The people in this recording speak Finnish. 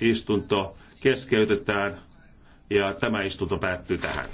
istunto keskeytetään ja tämä istunto päättyy tähän.